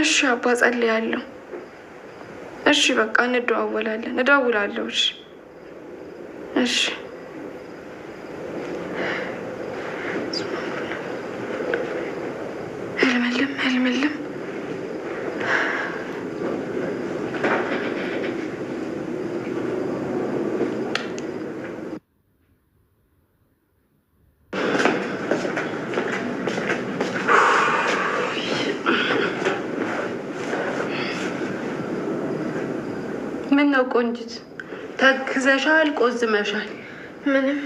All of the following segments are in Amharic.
እሺ አባ ጸልያለሁ። እሺ በቃ እንደዋወላለን፣ እደውላለሁ። እሺ እሺ ምን ነው ቆንጅት፣ ተክዘሻል፣ ቆዝመሻል። ምንም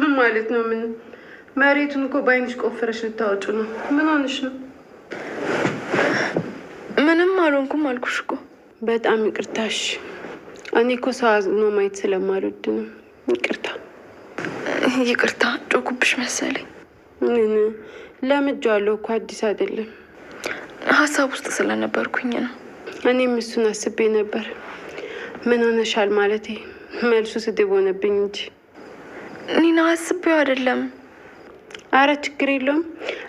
ምን ማለት ነው? ምን መሬቱን እኮ በአይንሽ ቆፍረሽ ልታወጩ ነው። ምን ሆንሽ ነው? ምንም አልሆንኩም አልኩሽ እኮ። በጣም ይቅርታሽ። እኔ እኮ ሰው አዝኖ ማየት ስለማልወድ ነው። ይቅርታ ይቅርታ። ጮኩብሽ መሰለኝ። ለምጃለሁ እኮ አዲስ አይደለም። ሀሳብ ውስጥ ስለነበርኩኝ ነው። እኔም እሱን አስቤ ነበር። ምን ሆነሻል ማለቴ መልሱ ስድብ ሆነብኝ እንጂ ኒና አስቤው አይደለም። አረ ችግር የለውም።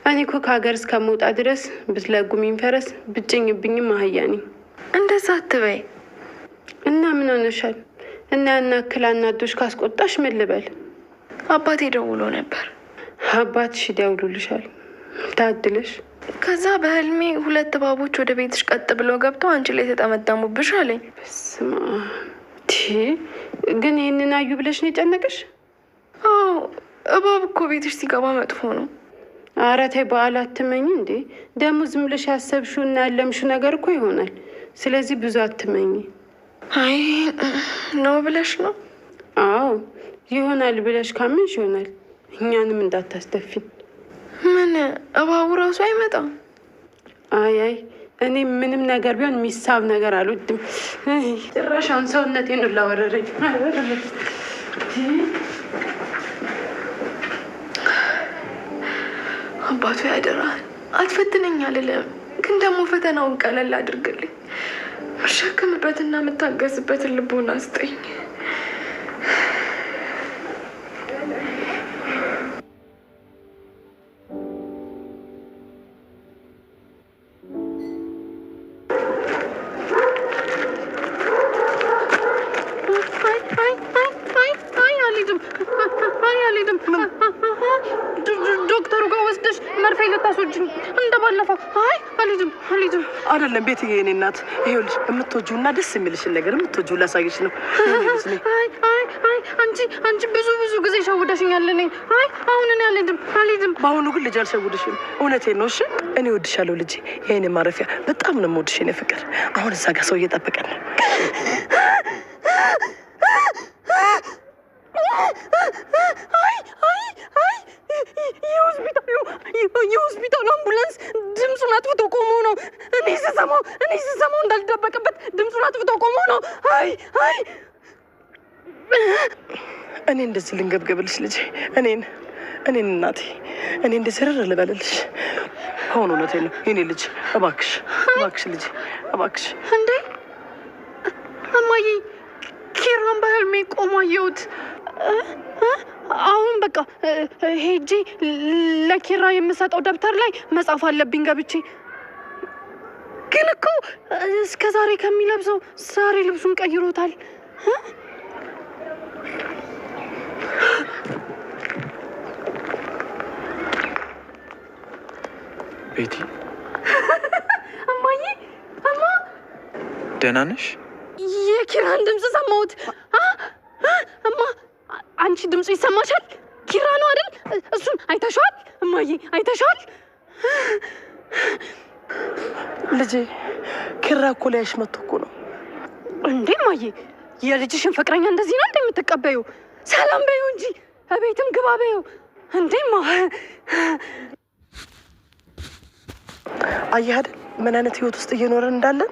እኔ እኮ ከሀገር እስከመውጣ ድረስ ብትለጉሚኝ ፈረስ ብጭኝብኝም አህያ ነኝ። እንደዛ አትበይ እና ምን ሆነሻል? እና ያናክል አናዶች ካስቆጣሽ ምን ልበል? አባቴ ደውሎ ነበር። አባትሽ ይደውሉልሻል ታድለሽ ከዛ በህልሜ ሁለት እባቦች ወደ ቤትሽ ቀጥ ብለው ገብተው አንቺ ላይ ተጠመጠሙብሽ አለኝ። ግን ይህንን አዩ ብለሽ ነው የጨነቅሽ? አዎ እባብ እኮ ቤትሽ ሲገባ መጥፎ ነው። ኧረ ተይ በዓል አትመኝ እንዴ። ደግሞ ዝም ብለሽ ያሰብሽው እና ያለምሽው ነገር እኮ ይሆናል። ስለዚህ ብዙ አትመኝ። አይ ነው ብለሽ ነው? አዎ ይሆናል ብለሽ ካመንሽ ይሆናል። እኛንም እንዳታስደፊን ምን እባቡ ራሱ አይመጣም። አይ አይ እኔ ምንም ነገር ቢሆን የሚሳብ ነገር አልወድም። ጭራሻውን ሰውነቴን ላወረረኝ። አባቱ ያደራ አትፈትነኝ አልልም፣ ግን ደግሞ ፈተናውን ቀለል አድርግልኝ። ምሸክምበትና የምታገዝበትን ልቦና አስጠኝ። አይደለም ቤት ይሄ እኔ እናት፣ ይኸውልሽ የምትወጂውና ደስ የሚልሽን ነገር የምትወጂው ላሳየሽ ነው። አይ አይ አይ አንቺ አንቺ ብዙ ብዙ ጊዜ ሸውደሽኛል። እኔ አይ አሁን እኔ አልሄድም አልሄድም። በአሁኑ ግን ልጅ አልሸውድሽም፣ እውነቴን ነው። እሺ እኔ እወድሻለሁ ልጅ፣ የኔ ማረፊያ፣ በጣም ነው የምወድሽ የኔ ፍቅር። አሁን እዛ ጋር ሰው እየጠበቀን ነው። የሆስፒታሉ አምቡላንስ ድምፁን አጥፍቶ ቆሞ ነው። እኔ ስሰማው እኔ ስሰማው እንዳልደበቅበት ድምፁን አጥፍቶ ቆሞ ነው። አይ አይ እኔ እንደዚህ ልንገብገብልሽ ልጄ፣ እኔን እኔን እናቴ፣ እኔ እንደዚህ ርር ልበልልሽ። ከሆነ እውነቴን ነው የኔ ልጅ፣ እባክሽ እባክሽ ልጄ፣ እባክሽ። እንዴ እማዬ፣ ኪራን በህልሜ ቆሞ አየሁት። አሁን በቃ ሄጄ ለኪራ የምሰጠው ደብተር ላይ መጻፍ አለብኝ ገብቼ። ግን እኮ እስከ ዛሬ ከሚለብሰው ዛሬ ልብሱን ቀይሮታል። ቤቲ እማዬ፣ እማ ደህና ነሽ? የኪራን ድምፅ ሰማሁት እማ አንቺ ድምፁ ይሰማሻል? ኪራ ነው አይደል? እሱን አይተሸዋል? እማዬ አይተሸዋል? ልጄ ኪራ እኮ ላይሽ እኮ ነው እንዴ? እማዬ የልጅሽን ፍቅረኛ እንደዚህ ነው የምትቀበዩ? ሰላም በዩ እንጂ እቤትም ግባ በዩ እንዴማ። አየህ አይደል ምን አይነት ህይወት ውስጥ እየኖረን እንዳለን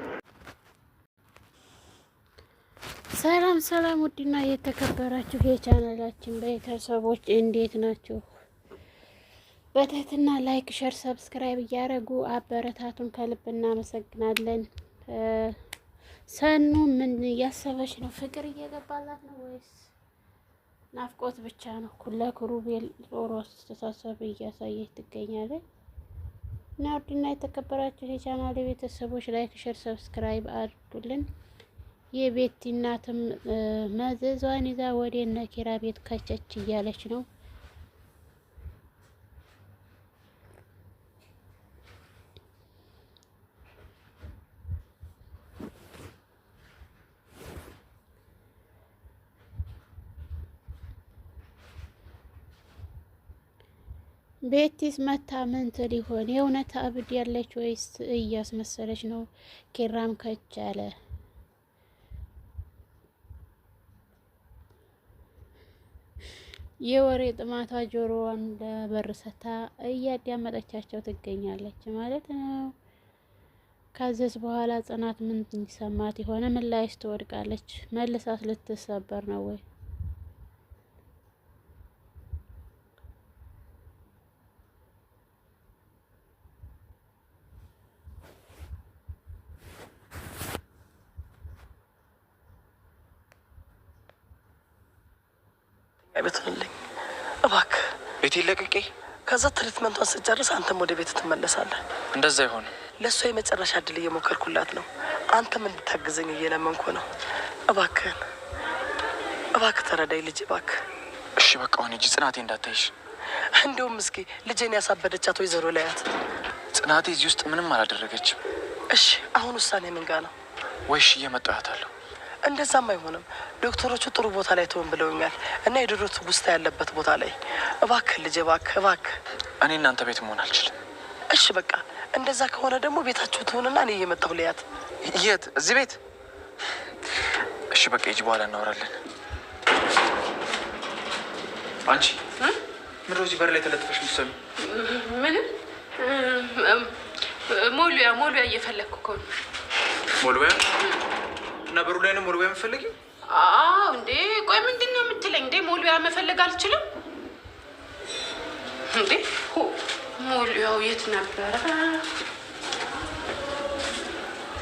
ሰላም ሰላም፣ ውድና የተከበራችሁ የቻናላችን ቤተሰቦች እንዴት ናችሁ? በትህትና ላይክ፣ ሸር፣ ሰብስክራይብ እያደረጉ አበረታቱን ከልብ እናመሰግናለን። ሰኑ ምን እያሰበች ነው? ፍቅር እየገባላት ነው ወይስ ናፍቆት ብቻ ነው? ክሩቤል ጦር አስተሳሰብ እያሳየች ትገኛለች። እና ውድና የተከበራችሁ የቻናል ቤተሰቦች ላይክ፣ ሸር፣ ሰብስክራይብ አድርጉልን። የቤቲ እናትም መዘዟን ይዛ ወደ እነ ኪራ ቤት ከቸች እያለች ነው። ቤቲስ መታመንት ሊሆን የእውነት አብድ ያለች ወይስ እያስመሰለች ነው? ኪራም ከች አለ። የወሬ ጥማቷ ጆሮዋን ለበርሰታ እያዳመጠቻቸው ትገኛለች ማለት ነው። ከዚህ በኋላ ጽናት ምን ይሰማት የሆነ ምን ላይስ ትወድቃለች? መልሳት ልትሰበር ነው ወይ? ቤት ይለቅቄ ከዛ ትሪትመንቷን ስጨርስ አንተም ወደ ቤት ትመለሳለህ። እንደዛ ይሆን? ለእሷ የመጨረሻ እድል እየሞከርኩላት ነው። አንተም እንድታግዘኝ እየለመንኩ ነው። እባክህን፣ እባክህ ተረዳይ ልጅ እባክህ። እሺ በቃ ሆን እጅ ጽናቴ እንዳታይሽ። እንዲሁም እስኪ ልጄን ያሳበደቻት ወይዘሮ ላያት። ጽናቴ እዚህ ውስጥ ምንም አላደረገችም። እሺ አሁን ውሳኔ ምን ጋ ነው? ወይሽ እየመጣሁ ያታለሁ። እንደዛም አይሆንም። ዶክተሮቹ ጥሩ ቦታ ላይ ትሆን ብለውኛል እና የድሮት ውስታ ያለበት ቦታ ላይ እባክህ ልጄ፣ እባክህ እባክህ። እኔ እናንተ ቤት መሆን አልችልም። እሺ በቃ እንደዛ ከሆነ ደግሞ ቤታችሁ ትሆንና እኔ እየመጣሁ ልያት። የት? እዚህ ቤት? እሺ በቃ ሂጂ፣ በኋላ እናወራለን። አንቺ ምንድን ነው እዚህ በር ላይ ተለጥፈሽ ምሰሉ? ምንም ሞሉያ ሞሉያ እየፈለግኩ ከሆነ ሞሉያ እና በሩ ላይ ነው ሞሉያ የምፈልግ? አዎ እንዴ፣ ቆይ ምንድን ነው የምትለኝ? እንዴ ሞሉያ መፈለግ አልችልም እንዴ ሞልያው የት ነበረ?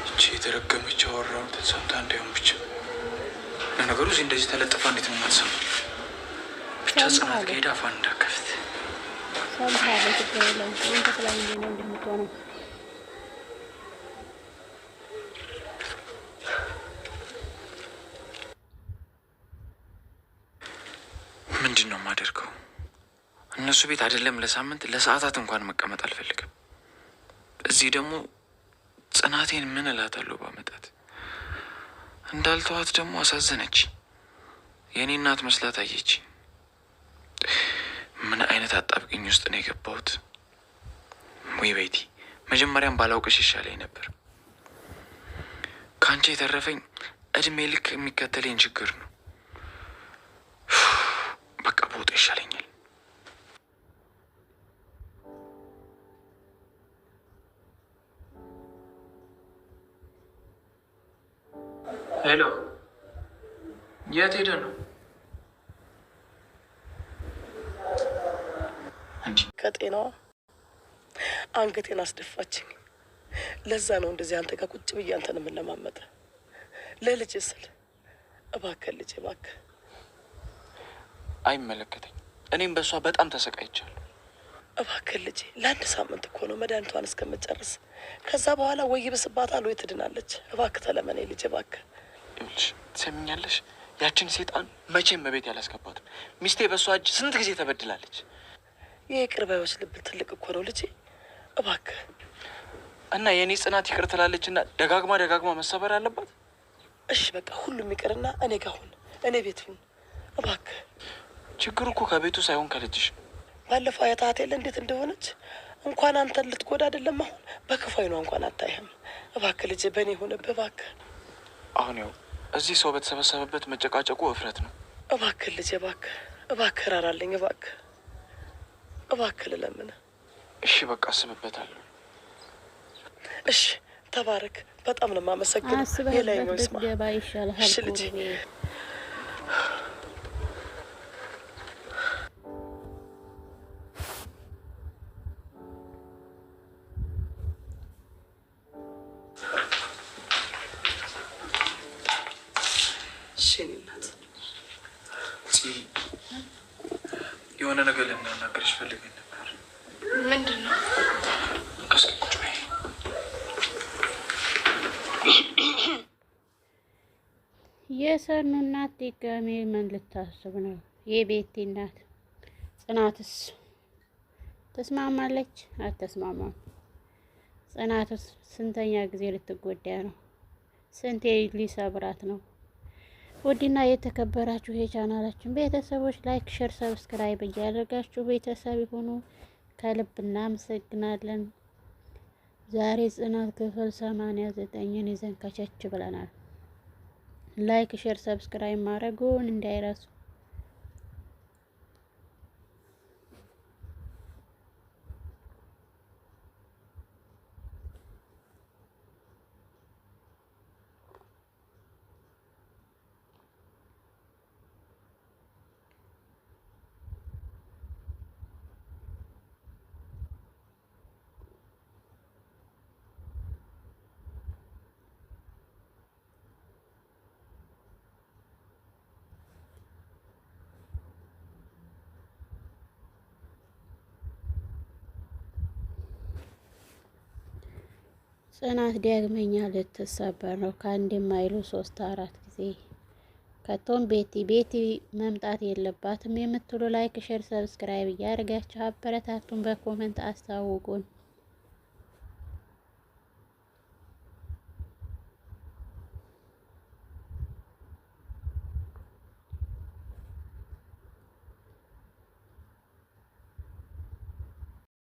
እቺ የተረገመች አወራሁትን ሰምታ እንዲያውም ብቻ ለነገሩ እዚህ እንደዚህ ተለጥፋ እንዴት ነው የማትሰማው? ብቻ ጽናት ከሄደ አፋን እንዳከፍት እነሱ ቤት አይደለም ለሳምንት ለሰዓታት እንኳን መቀመጥ አልፈልግም። እዚህ ደግሞ ጽናቴን ምን እላታለሁ ባመጣት። እንዳልተዋት ደግሞ አሳዘነች። የእኔ እናት መስላት አየች። ምን አይነት አጣብቅኝ ውስጥ ነው የገባሁት? ወይ ቤቲ፣ መጀመሪያም ባላውቅሽ ይሻለኝ ነበር። ከአንቺ የተረፈኝ እድሜ ልክ የሚከተለኝ ችግር ነው። በቃ ቦታ ይሻለኝ ሄሎ፣ የት ሄደ ነው? ከጤናዋ አንገቴን አስደፋችኝ። ለዛ ነው እንደዚህ አንተ ጋር ቁጭ ብዬ አንተን የምንለማመጠ ለልጅ ስል እባክህ ልጅ እባክህ። አይመለከተኝ። እኔም በእሷ በጣም ተሰቃይቻለሁ። እባክህ ልጅ፣ ለአንድ ሳምንት እኮ ነው መድኃኒቷን እስከምጨርስ። ከዛ በኋላ ወይ ይብስባታል ወይ ትድናለች። እባክህ ተለመኔ ልጅ እባክህ። ይኸውልሽ ትሰሚኛለሽ፣ ያችን ሴጣን መቼም መቤት ያላስገባትም። ሚስቴ በእሷ እጅ ስንት ጊዜ ተበድላለች። ይህ ይቅር ባይወስ ትልቅ እኮ ነው ልጄ፣ እባክህ እና የእኔ ጽናት ይቅር ትላለች እና ደጋግማ ደጋግማ መሰበር አለባት። እሺ በቃ ሁሉም ይቅርና እኔ ጋር ሁን፣ እኔ ቤት ሁን እባክህ። ችግሩ እኮ ከቤቱ ሳይሆን ከልጅሽ። ባለፈው አያታት የለ እንዴት እንደሆነች እንኳን አንተን ልትጎዳ አይደለም አሁን በክፋይ እንኳን አታይህም። እባክህ ልጄ፣ በእኔ ሆነብህ እባክህ አሁን ያው እዚህ ሰው በተሰበሰበበት መጨቃጨቁ እፍረት ነው። እባክህ ልጄ፣ እባክህ እባክህ፣ ራራልኝ እባክህ፣ እባክህ ልለምን። እሺ በቃ አስብበታለሁ። እሺ ተባረክ። በጣም ነው የማመሰግነው። የላይኛው ይስማ። እሺ ልጄ የሆነ ነገር ልናናገርሽ ፈልገን ነበር። ምንድን ነው? የሰኑ እናት ድጋሜ ምን ልታስብ ነው? የቤቴ እናት ጽናትስ ተስማማለች? አተስማማም? ጽናትስ ስንተኛ ጊዜ ልትጎዳ ነው? ስንቴ ሊሰብራት ነው? ውድና የተከበራችሁ የቻናላችን ቤተሰቦች ላይክ፣ ሸር፣ ሰብስክራይብ እያደረጋችሁ ቤተሰብ የሆኑ ከልብ እናመሰግናለን። ዛሬ ጽናት ክፍል ሰማንያ ዘጠኝን ይዘን ከቸች ብለናል። ላይክ፣ ሸር፣ ሰብስክራይብ ማድረጉን እንዳይረሱ። ጽናት ዳግመኛ ልትሰበር ነው። ከአንድ የማይሉ ሶስት አራት ጊዜ ከቶም ቤቲ ቤቲ መምጣት የለባትም የምትሉ ላይክ፣ ሼር፣ ሰብስክራይብ እያደርጋችሁ አበረታቱን። በኮመንት አስታውቁን።